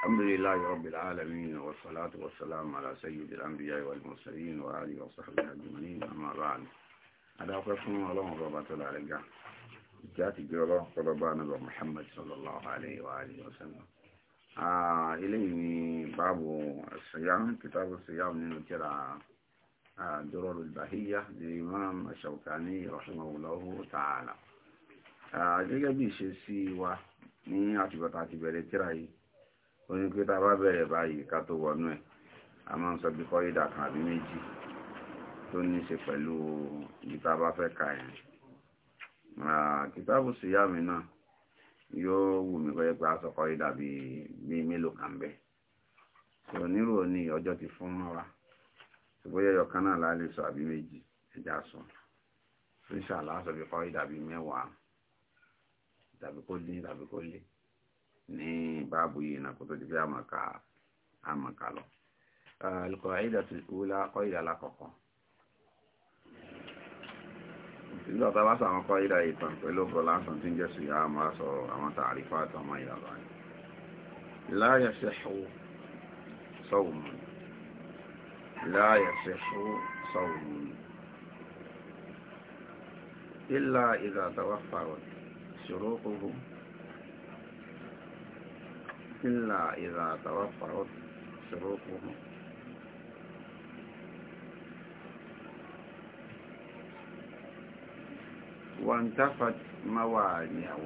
الحمد لله رب العالمين والصلاة والسلام على سيد الأنبياء والمرسلين وآله وصحبه أجمعين أما بعد أدعوكم الله ربة العالمين ìjáàtì gbé ọlọ́run pọ̀lọ́bá anábà Muhammad sallallahu alayhi wa alihi wa sallam eléyìí ni báàbù siyam kìtàbù siyam nínú tírà Durur al di Imam Shawkani rahimahullahu ta'ala gẹ́gẹ́ bí ìṣesí wa ní àtìgbàtà àti bẹ̀rẹ̀ yìí oní pé tá a bá bẹ̀rẹ̀ báyìí ká tó wọnú ẹ̀ a máa ń sọ bí kọ́rídà kan àbí méjì tó ní ṣe pẹ̀lú ibi tá a bá fẹ́ ka ẹ̀ kìtàbù síyàmì náà yóò wù mí kọ́ yẹ pé a sọ kọ́rídà bíi mélòó kan bẹ́ẹ̀ sọ nírò ní ọjọ́ ti fún wa ṣùgbọ́n yẹyọ kan náà lálẹ́ sọ àbí méjì ẹja sọ ṣíṣàlá sọ bí kọ́rídà bíi mẹ́wàá tàbí kó dín tàbí kó lé ní báàbù yìí náà kó tó di pé àmọ̀ká àmọ̀ká lọ. Ah, alqaida al-ula qaida alákọ̀ọ́kọ́. nígbà tá a bá sọ àwọn qaida yìí tán pẹ̀lú ọkọ̀ lásán tí ń jẹ́ sùn yá a máa sọ àwọn tààrífà àtàwọn ìyàrá إلا إذا توفرت شروطه وانتفت موانعه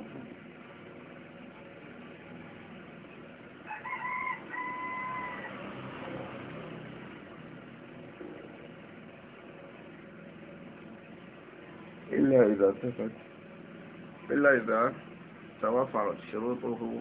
إلا إذا انتفت إلا إذا توفرت شروطه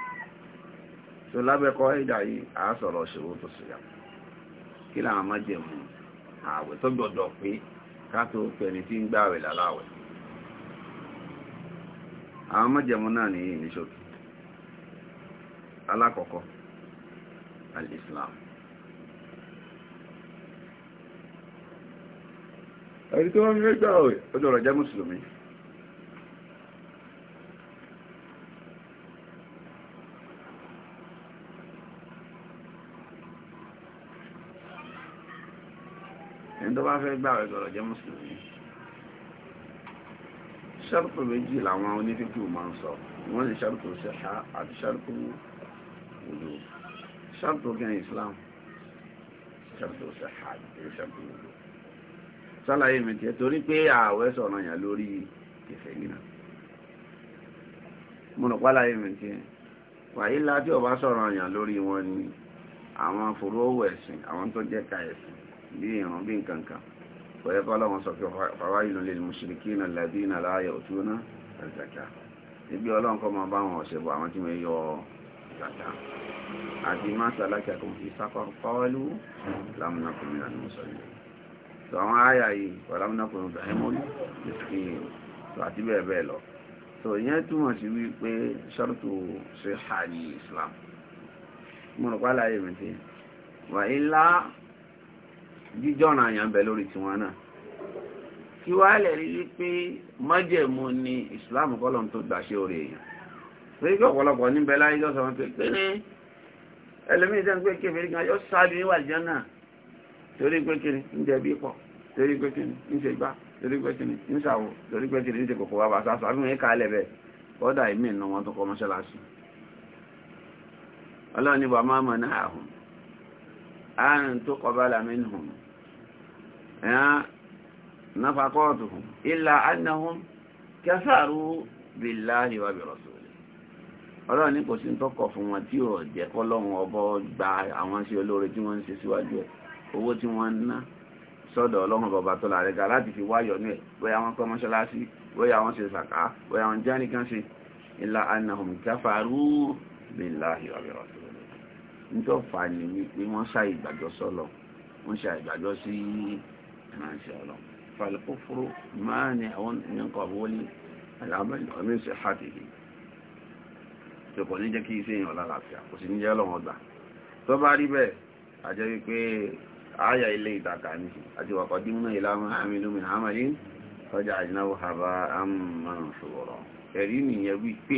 tó lábẹ́kọ́ ìdà yìí a sọ̀rọ̀ ṣòro tó kí làwọn máa jẹ mú ààwẹ̀ tó gbọ́dọ̀ pé ká tó pẹni tí ń láláwẹ̀ àwọn náà ní ìníṣòkì alákọ̀ọ́kọ́ al ẹni tó wọ́n ń ẹni tó bá fẹ́ gbà wẹ̀ gbọ́dọ̀ jẹ́ mùsùlùmí ṣàrùtù méjì làwọn onífíkù máa ń sọ wọ́n ní ṣàrùtù ṣẹ̀ṣá àti ṣàrùtù òjò ṣàrùtù kẹ́hìn Islam ṣàrùtù ṣẹ̀ṣá àti ṣàrùtù òjò sálàyé mi tiẹ̀ torí pé ààwẹ̀ sọ̀rọ̀ yàn lórí kẹfẹ́ nínà mo nà pálàyé mi tiẹ̀ wàyí láti ọba sọ̀rọ̀ yàn lórí wọn ni àwọn fòrò owó ẹ̀sìn àwọn tó jẹ́ ka ẹ̀sìn bí ìrun bí nkankan pẹ̀lú kọ́ lọ́wọ́n sọ pé fàwáyìlú lè mùsùlùkí na ladina láàyè òtún náà àzàkà ibi ọlọ́run kọ́ máa bá wọn ọ̀sẹ̀ bọ̀ àwọn tí wọ́n yọ zàkà àti mọ́sálàkà kò fi sáfà pọ́ọ́lù lámúnákùnrin àti mùsùlùmí tó àwọn àyà yìí lámúnákùnrin bẹ̀rẹ̀mọ́lù àti bẹ́ẹ̀ bẹ́ẹ̀ lọ tó ìyẹn túmọ̀ sí wípé ṣọ́rùtù ṣe hàlì islam mo rò pálá jíjọ́ràn àyàn bẹ̀ lórí tiwọn náà kí wá lè rí wípé májẹ̀mú ni ìsìláàmù kọ́lọ̀ tó gbà ṣe orí èèyàn pé kí ọ̀pọ̀lọpọ̀ níbẹ̀ láyé yóò sọ wọn pé pé ní ẹlòmíì tẹ́ ń pé kéferì kan yóò sáájú níwà ìjọ náà torí pé kí ni ń jẹ̀bi pọ̀ torí pé kí ni ń ṣe gbá torí pé kí ni ń ṣàwò torí pé kí ni ń ṣe kòkòrò àbá sásọ àbí wọn ni bàmá mọ̀ náà أن تقبل منهم نفقاتهم إلا أنهم كفروا بالله وبرسوله ọlọ́run ní kò sí tọ́kọ̀ fún wọn tí ò jẹ́ kọ́lọ́run ọbọ̀ gba àwọn sí olóore tí wọ́n ń ṣe síwájú ẹ̀ owó tí wọ́n ń ná sọ́dọ̀ ọlọ́run bọ̀bà tó láàrẹ ga láti fi wáyọ̀ ní ẹ̀ bóyá wọ́n kọ́ mọ́ṣáláṣí bóyá wọ́n ṣe sàká bóyá wọ́n jẹ́ ṣe ìlà anahum kafaru billahi wa bi rasul nítorí fa ni wípé wọ́n ṣá ìgbàjọ́ sọ́lọ̀ wọ́n ṣá ìgbàjọ́ sí ìrànṣẹ́ ọ̀lọ́ fàlùkù fúru máa ní àwọn nǹkan wọlé àlámẹ́lì ọ̀mí ṣe hàtìlì tó kọ̀ ní jẹ́ kí iṣẹ́ èèyàn lálàáfíà kò sì ní jẹ́ lọ́wọ́ gbà tó bá rí bẹ́ẹ̀ àjẹ́ wípé àyà ilé ìtàkà ní àti wàkọ̀ dímúná ìlànà àmì lómìnà àmàlí ọjà àjìnáwó àbá àmì márùn-ún nìyẹn wípé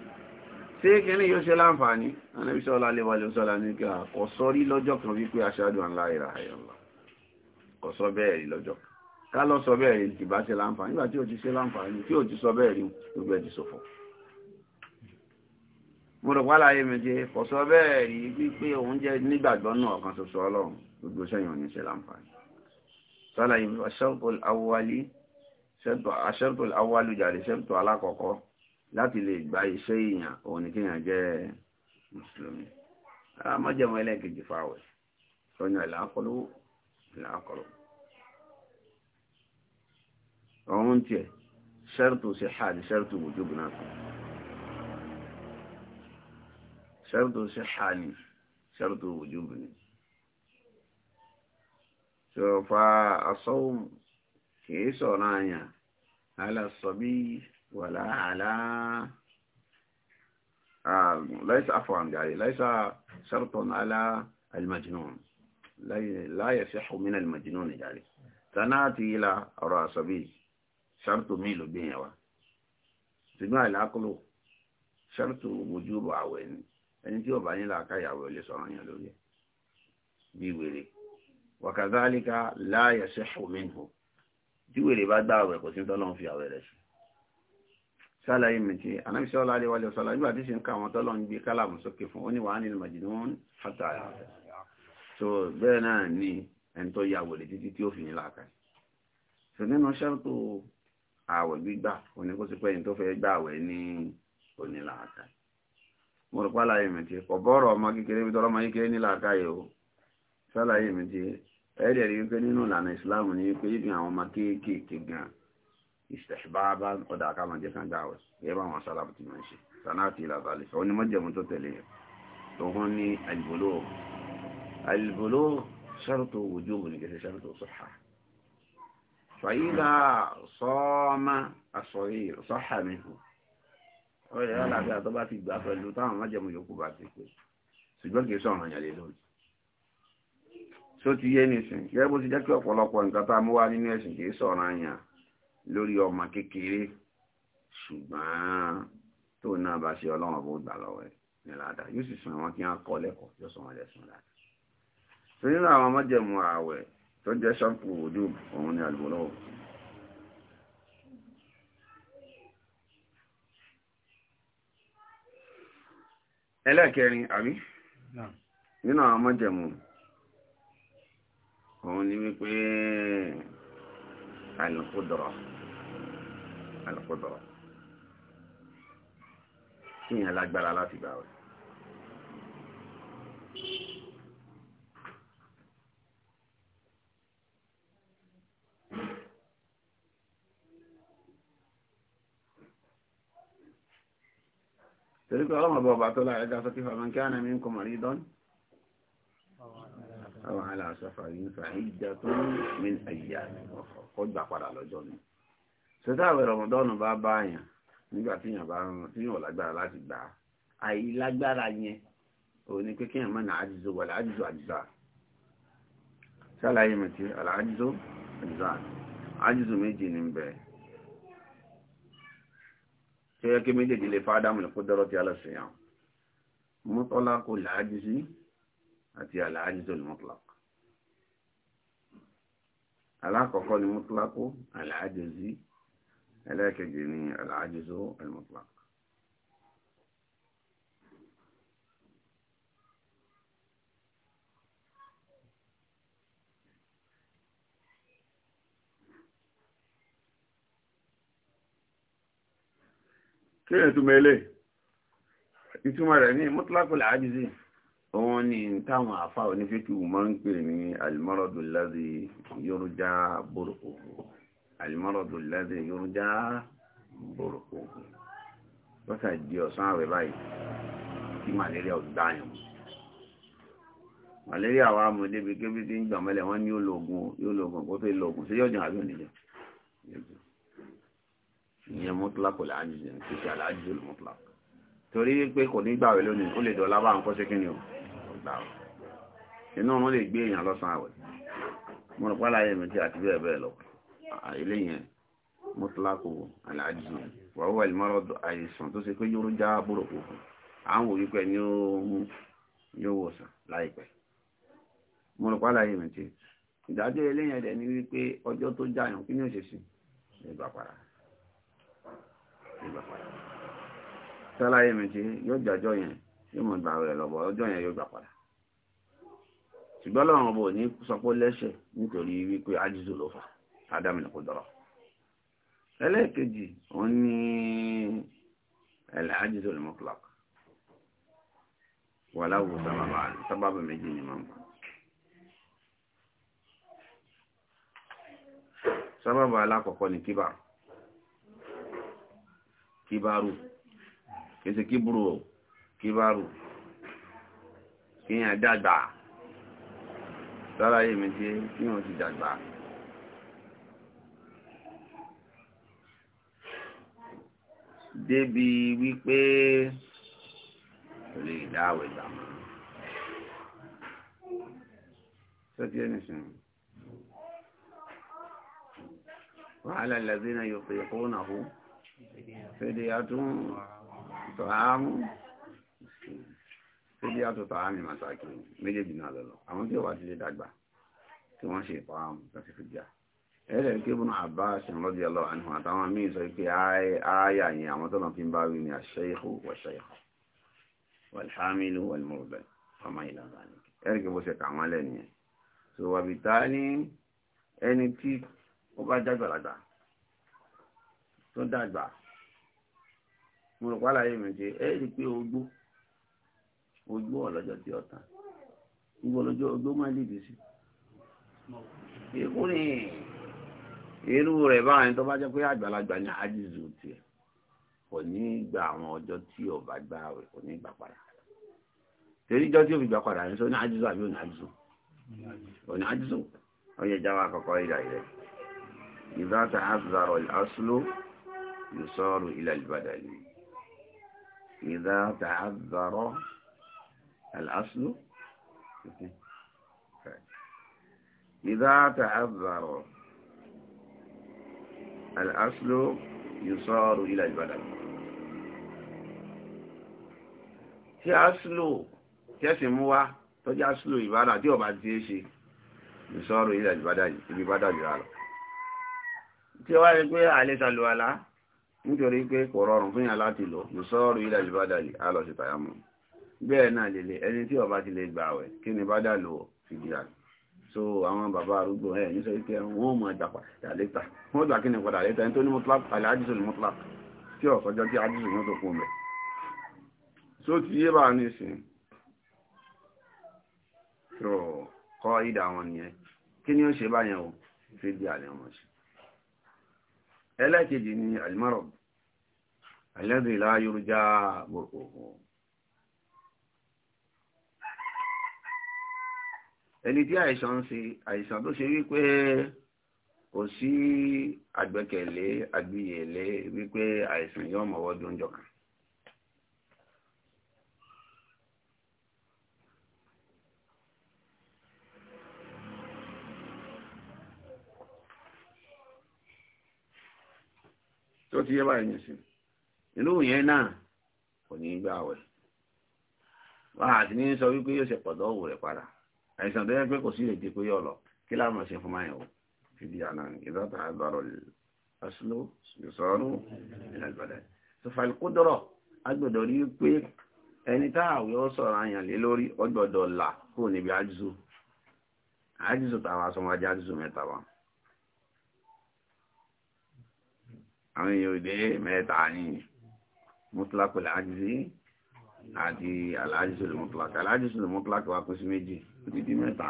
ṣé kíní yóò ṣe láǹfààní anábì sọ́lá aléwàlé sọ́lá ní kí kò sọ rí lọ́jọ́ kan wípé aṣáájú ńlá ìrà ayọ̀lá kò sọ bẹ́ẹ̀ rí lọ́jọ́ ká lọ sọ bẹ́ẹ̀ rí ti bá ṣe láǹfààní nígbà tí ò ti ṣe láǹfààní tí ò ti sọ bẹ́ẹ̀ rí gbogbo ẹ̀dì sọ̀fọ̀ mo rò pálá ayé méje kò sọ bẹ́ẹ̀ rí wípé òun jẹ́ nígbàgbọ́ náà ọ̀kan ṣoṣo ọlọ́run gbogbo sẹ́yìn òní ṣe láǹfààní sọ́lá ìbí láti lè gba iṣẹ́ èèyàn òun ni kéèyàn jẹ́ mùsùlùmí ara mọ́jẹ̀mọ́ ẹlẹ́ẹ̀kejì fáwẹ̀ lọ́nà ìlàkọlù ìlàkọlù ọ̀hún tiẹ̀ ṣẹ́rùtù sí hàdì ṣẹ́rùtù wùjúbù náà kan ṣẹ́rùtù sí hàdì ṣẹ́rùtù wùjúbù ni ṣọ̀fà asọ́wùm kìí sọ̀rọ̀ àyàn alásọ̀bí ولا على آه ليس عفوا يعني ليس شرط على المجنون لا يصح من المجنون يعني سنأتي إلى الراسبي شرط ميل بينوا سمع العقل شرط وجوب عوين ẹni tí ó bá nílà káyàwó ilé sọ̀rọ̀ yẹn lórí ẹ̀ bí wèrè wàkàzálíkà láàyẹ̀ sẹ́ṣù mìíràn tí wèrè bá gbá àwẹ̀ kò sí tọ́lọ́run fi àwẹ̀ rẹ̀ sí sálàyé méjì anábì sọ́lá alẹ́ wàlẹ́ sọ́lá nígbà tí sì ń ka àwọn tọ́lọ́ ń gbé kálàmù sókè fún ó ní wàá nílùú majnun fata so bẹ́ẹ̀ náà ni ẹni tó ya wòlé títí tí ó fi ní làákà so nínú ṣẹ́ńtò àwẹ̀ gbígbà oníkóṣepẹ́ ẹni tó fẹ́ gbà àwẹ̀ ní òní làákà mo rò pa àlàyé méjì ọ̀bọ̀rọ̀ ọmọ kékeré bí tọ́lọ́mọ kékeré ní làákà yìí o sálàyé méjì ẹ̀ẹ́dẹ̀ẹ́rì wípé nínú ìlànà ìsìláàmù ni istihbaban ọ̀dà àkàmà jẹ́ kan gbáwẹ̀ yẹ bá wọn sára bùtì máa ń ṣe sanáàtì ìlàbàlẹ̀ sọ ní mọ́jẹ̀mú tó tẹ̀lé yẹn tó hún ní albulugh albulugh shartu wujub ní kẹsẹ̀ shartu sihha fàyílà sọ́ọ́mà àsọ̀rí sihha minhu ọ̀rọ̀ ìyá làbẹ́ àtọ́ bá ti gbà pẹ̀lú táwọn mọ́jẹ̀mú yòókù bá ti pè ṣùgbọ́n kì í sọ̀rọ̀ yẹn lé lónìí só ti yé nìsín gẹ́gẹ́ bó ti jẹ́ kí ọ̀pọ̀lọpọ̀ nǹkan tá a mú wá nínú ẹ̀sìn kì í sọ̀rọ̀ yẹn lórí ọmọ kékeré ṣùgbọ́n tó náà bá ṣe ọlọ́run ọ̀bọ̀ gbà lọ́wọ́ ẹ̀ ní ládàá yóò sì sùn àwọn kí wọ́n kọ́ lẹ́kọ̀ọ́ yóò sọ wọn lẹ́sùn ládàá. tó nínú àwọn ọmọdéjẹ̀mú ààwẹ̀ tó jẹ́ ṣọ́ọ̀pù òdù òun ni àlùbọ̀lọ́wọ̀. ẹlẹ́ẹ̀kẹrin àbí nínú àwọn ọmọdéjẹ̀mú òun ni wípé. القدرة القدرة شنو الأكبر على تباوي تلك الله أبو بعطلة فمن كان منكم مريضا أو على سفر فعدة من أيام أخرى kó gbà padà lọ́jọ́ náà sọtá àwẹ̀ rọmọdọ́nù bá bá yàn nígbà tí yàn bá ń tí yàn lágbára láti gbà á àìlágbára yẹn òun ni pé kéèyàn má nà ájízo wà láàjízo àjíza sálàyé mi ti àlàájízo àjíza ájízo méjì ní bẹ tí ó yẹ kí méjèèjì lè fa ádámù kó dọ́rọ́ ti alẹ́ sèyàn mọ́tọ́lá kò làájízi àti àlàájízo lè mọ́tọ́lá kò alákọ̀ọ́kọ́ ni mutlaku al'ajizi ẹlẹ́ẹ̀kejì ni al'ajizu al-mutlaq kí ni ìtumọ̀ ilé ìtumọ̀ rẹ̀ ní mutlaku al'ajizi òun ni táwọn àfa onífẹ́kì máa ń pè ní alimọ́rọ̀dù láti yorùjá burúkú alimọ́rọ̀dù láti yorùjá burúkú lọ́sà di ọ̀sán àwẹ̀ báyìí tí malaria ò gbáyàn malaria wa mọ̀ débi kébí tí ń gbà mẹ́lẹ̀ wọ́n ní yóò lo oògùn yóò lo oògùn kó tó lo oògùn sí yóò àbí oníjẹ ìyẹn mọ́tòlákò làájú jẹun kò sí torí pé kò ní gbàwé lónìí ó lè dọ̀la bá ń kọ́ sí kí ni o. gbà ọ́ inú ọmọ lè gbé èèyàn lọ́sàn àwẹ̀ mo rò pálá ayé mi tí àti bẹ́ẹ̀ bẹ́ẹ̀ lọ eléyìn mọ́tíláàkù aláàjì wàhùwà ìmọ̀rọ̀ àìsàn tó ṣe pé yóò já búrò kù à ń wò wípé ní ó mú yóò láìpẹ́ mo rò pálá ayé mi tí ìdájọ́ ni wípé ọjọ́ tó kí ni ṣe sí ìgbà ìgbà ayé mi tí yóò jàjọ́ yẹn yóò mọ̀ gbà rẹ̀ lọ́bọ̀ ọjọ́ yẹn yóò gbà padà ṣùgbọ́n lọ́wọ́n ọbọ̀ ní sọ pé lẹ́ṣẹ̀ nítorí wípé ájíṣù ló fà ádámù ní kò dọ̀rọ̀ ẹlẹ́ẹ̀kejì òun ní ẹ̀lẹ́ ájíṣù lè mọ́ clock wà láwùjọ sábàbà sábàbà méjì ni máa ń sábàbà alákọ̀ọ́kọ́ ni kíbàrù kíbàrù kìí ṣe kíbùrù o kíbárù kíyàn dàgbà sálàyé mi tí kíyàn ti dàgbà débi wípé lè dáwẹ̀ gbàmọ́ sọ́tí ẹni sìn وعلى الذين يطيقونه فدية طعام tó bí àtúntà àmì màtàkì méjèèjì náà lọ́lọ́ àwọn tí ó wà sílé dàgbà tí wọ́n ṣe ìpa àmì láti fi jà ẹ̀rẹ̀ kí Ibn Abbas radiyallahu anhu àtàwọn míì sọ pé ááyà yẹn àwọn tó náà fi ń bá wí ni ash-shaykhu wash-shaykha wal-hamilu wal-murdi ọmọ ìlànà ẹ̀rẹ̀ kí bó ṣe kà wọ́n lẹ́nu yẹn so wàbí tá ní ẹni tí ó bá jágbàlagbà tó dàgbà mo rò pálá yìí mi ti ẹ̀rì pé ogbó ojú ọ̀lọ́jọ́ tí ọ̀tá ìgbọ́lọ́jọ́ ogbó máa lè dìísí ikú ni irú rẹ̀ báyìí tó bá jẹ́ pé àgbàlagbà ní ajizu tiẹ̀ kò ní gba àwọn ọjọ́ tí ọba gbá rẹ̀ kò ní gbà padà torí ìjọ tí ó fi gbà padà ní sọ ní ajizu àbí òní òní ọyẹ jáwá ta ìbàdàn الأصل إذا تعذر الأصل يصار إلى البدل tí aṣílò tí ẹ̀sìn mú wá tó jẹ́ aṣílò ìbádà tí ọba ti ṣe ìṣọ́rò ilẹ̀ ìbádà jùlọ lọ tí ó wá rí pé àìlẹ́sàlùwàlá nítorí pé kò rọrùn fún yàn láti lò ìṣọ́rò ilẹ̀ ìbádà alọ́sìtàyàmù bẹ́ẹ̀ náà lèlè ẹni tí ọba ti lè gbà wẹ̀ kí ni bá dà lò fìdíà so àwọn bàbá arúgbó ẹ̀ ní sọ pé wọ́n mọ̀ ẹ̀dà padà lẹ́ta wọ́n gbà kí ni padà lẹ́ta ẹni tó ní mutlaq àlẹ́ àjíṣe ní mutlaq tí ọ̀sọ́jọ́ tí àjíṣe ní tó kún bẹ̀ so ti yé bá ní ìsìn so kọ́ ìdá wọn nìyẹn kí ni ó ṣe báyẹn o fìdíà ni ọmọ ṣe ẹlẹ́kejì ni alimọ́rọ̀ alẹ́dìlá yorùjá gbogbo ẹni tí àìsàn ń se àìsàn tó ṣe wípé kò sí àgbẹ́kẹ̀lé àgbìyèlé wípé àìsàn yóò mọ̀wọ́ dúnjọ kan. tó ti yẹ báyìí nìsín ìlú yẹn náà kò ní gbà wẹ̀ wípé yóò ṣe rẹ̀ padà. àìsàn tó yẹ pé kò sí èdè pé yọ lọ kí láà mọ̀ ṣe fún máa yẹn o fìdí àná ìdọ́ta àgbàrọ̀ asúlò ìsọ̀rọ̀ ìlàgbàdà sọfàlì kó dọ̀rọ̀ agbọ̀dọ̀ rí pé ẹni tá àwẹ̀ ó sọ̀rọ̀ àyàn lé lórí ọgbọ̀dọ̀ là kó níbi ájúzù ájúzù táwọn asọmọdé ájúzù mẹ́ta wa àwọn èèyàn òde mẹ́ta ní mutlaku aláàjúzì àti aláàjúzù lè mutlaku aláàjúzù lè mutlaku wa kó sí méjì ó di mẹ́ta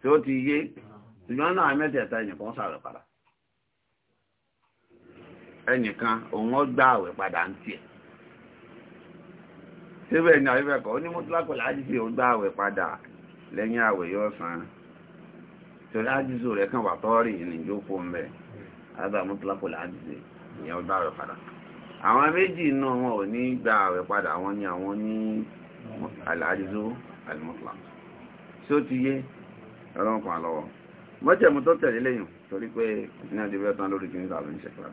tí ó ti yé ṣùgbọ́n náà mẹ́tẹ̀ẹ̀ta ẹnìkan sàrẹ̀ padà ẹnìkan òun ó gbà àwẹ̀ padà ń tiẹ̀ síbẹ̀ ní àríwẹ̀kọ́ ó ní mọ́tílápọ̀lá ájísì ó gbà àwẹ̀ padà lẹ́yìn àwẹ̀ yóò san torí ájísì rẹ̀ kàn wà tọ́rì ìnìjókòó ń bẹ̀ ádà mọ́tílápọ̀lá ájísì ìyẹn ó gbà àwẹ̀ padà àwọn méjì náà wọn ò ní gba àwẹ̀ padà wọn ni àwọn ní àlàájísó àlùmọ́tòlá tí ó ti yé ọlọ́run kan lọ́wọ́ mọ́jẹ̀mú tó tẹ̀lé lẹ́yìn torí pé ní adébẹ́ tán lórí kìíní tàbí ní ṣẹ̀kọ́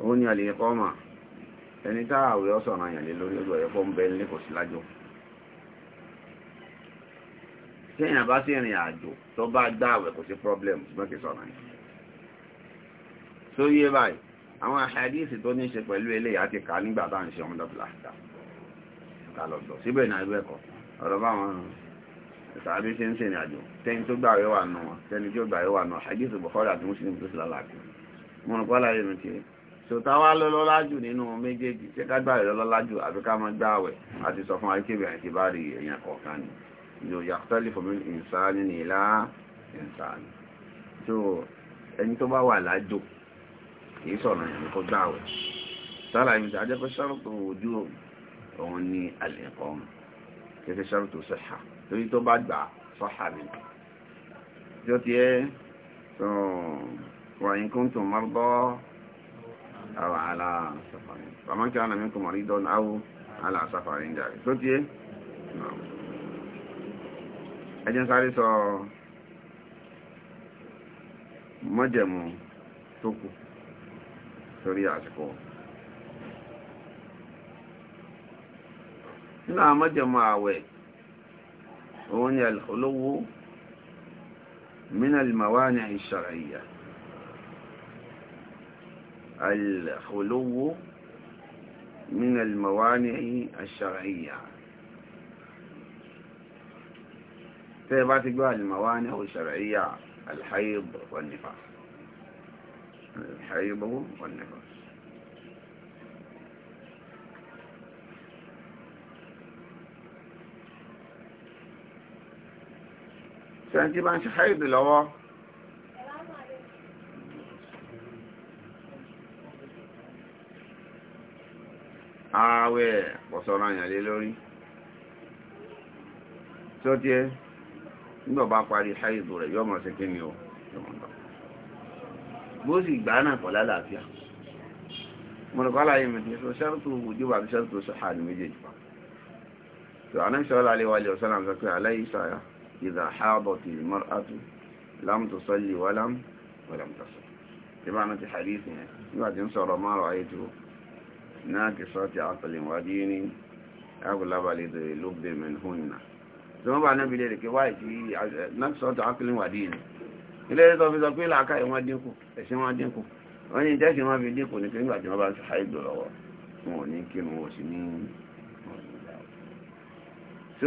òun ni àlè ẹ̀kọ́ mà ẹni tá àwẹ̀ ọ̀sán àyàn lé lórí ọjọ́ ẹ̀kọ́ ń bẹ ní kò sí lájọ́ téèyàn bá sì rìn àjò tó bá gbá àwẹ̀ kò sí problem ṣùgbọ́n kì í sọ̀rọ̀ yẹn sórí ẹ báyìí àwọn àhàdíìsì tó ní ṣe pẹ̀lú eléyìí àti kà nígbà tá ń ṣe ọmọdé lọ́dọ̀ síbẹ̀ ní àgbẹ̀ kọ ọ̀rọ̀ báwọn tàbí ṣe ń ṣe ìrìn àjò tẹni tó gbà wẹ́wà nù wọn tẹni tó gbà wẹ́wà nù àjíṣù bọ̀kọ́rẹ́ àti mùsùlùmí tó sì lálàáfíà mo rò pọ́lá yẹn ti sọta wá lọ́lọ́lájù nínú méjèèjì ṣé ká gbà rẹ̀ lọ́lọ́lájù àfi ká máa gbà wẹ̀ àti sọ fún akéwì àti bá rí èèyàn kọ̀ọ̀kan ni yóò yàtọ̀lì fún mi ìsáni ní ilá ìsáni tó ẹni tó bá wà lájò kì í sọ̀rọ̀ yẹn kó gbà wẹ̀ sálà ìmìtà ajẹ́pẹ́ sọ́rọ̀ tó ojú òun ní al-iqama kẹsẹ̀ ṣàrùtò sọ́hà torí tó bá gbà sọ́hà mi tí ó ti ẹ́ wa in kuntum marda aw ala safarin faman kana minkum maridan aw ala safarin jàre tó ti ẹ́ ẹjẹ́ sáré sọ mọ́jẹ̀mú tó kù sórí àsìkò نعم وين هنا الخلو من الموانع الشرعية الخلو من الموانع الشرعية تبعتي طيب، بها الموانع الشرعية الحيض والنفاق الحيض والنفاق fẹ́ni tí bá ń ṣe háìdì lọ́wọ́ ààwẹ̀ pọ̀sọ̀rọ̀ àyàn lé lórí tó tí ẹ nígbà bá parí háìdì rẹ̀ yọ́ mọ̀ sí kí ni ó bó sì gbà náà pọ̀ lálàáfíà mọ̀lùkọ́lá yìí mẹ́tí sọ ṣẹ́rùtù ojú wà bí ṣẹ́rùtù sọ̀hà ní méjèèjì pa tó àná ìṣọ́lá alẹ́wà alẹ́ ọ̀sán àmì sọ pé aláìsáyà إذا حاضت المرأة لم تصلي ولم ولم تصل بمعنى في حديث بعد ينصر ما رأيته ناقصات عقل ودين أغلب لذي لب منهن ثم بعد نبي لذلك وايتي ناقصات عقل ودين ilé ẹ̀tọ́ fi sọ pé làákà ìwọ́n dínkù ẹ̀sìn wọn dínkù wọ́n ní ìjẹ́sìn wọn fi dínkù ní kíńgbà tí ó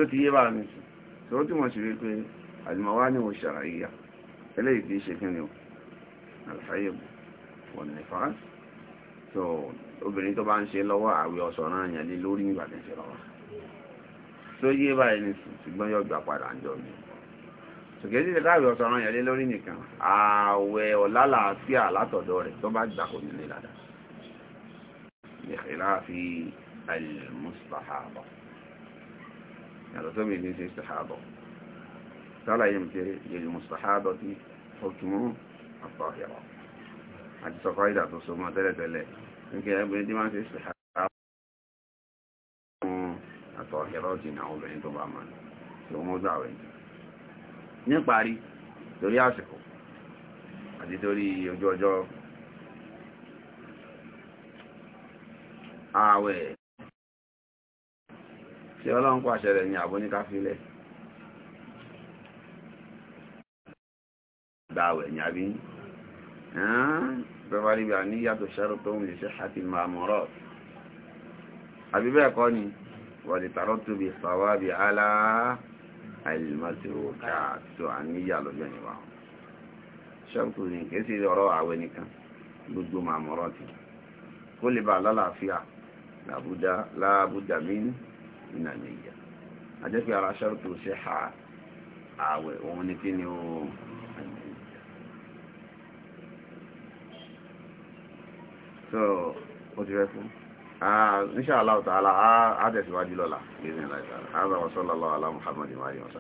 ti yé bá mi sọ tó ó túnmọ̀ sí wípé àlùmọ̀wá ní o ṣàràyà eléyìí kìí ṣe kíni o àlùfáyèbù wọ̀n nìfàs tó obìnrin tó bá ń ṣe lọ́wọ́ àwẹ̀ ọ̀sọ̀rọ̀ àyàn lé lórí nígbà tí ń ṣe lọ́wọ́ tó yé báyìí ní ṣùgbọ́n yóò gbà padà ń jọ mi ṣùgbọ́n títí láàwẹ̀ ọ̀sọ̀rọ̀ àyàn lé lórí nìkan àwẹ̀ ọ̀lálàáfíà látọ̀dọ̀ rẹ̀ tó bá gbà kò nílé dáadáa bìkìlá fi àlùmùsùlùmù yàtọ̀ sómi ní ṣe sàhábọ̀ sálàyé mi kéré yèlì mùsàhábọ̀ tí òkìmú àpàhìrọ̀ àti sọ̀kọ́ ìdà tó so mọ́ tẹ́lẹ̀tẹ́lẹ̀ nígbà ẹgbẹ́ tí máa ń ṣe sàhábọ̀ àtọ̀hìrọ̀ jìnà obìnrin tó bá máa tí ó tí ọlọ́run pàṣẹ rẹ̀ ní àbò ní káfílẹ̀ dáwẹ̀ ní àbí pẹ̀fàríbà ní yàtọ̀ ṣẹ́rù tó ń ṣe àti mọ̀rọ̀ àbí bẹ́ẹ̀ kọ́ ni wọ̀dì tààrọ̀ tó bí sàwábì alá àìlèmọ́tò káàtó àníyà lọ́jọ́ níwá ṣẹ́kù ní lè bà lálàáfíà làbúdà mí nínú àníyàn àjẹ́pẹ́ ara ṣọ́rọ̀ tó ṣe ha ààwẹ̀ òun ni kí ni ó so ó ti rẹ fún insha Allah ta'ala á tẹ̀síwájú lọ́la bí ní láìsàrà á bá wọ́n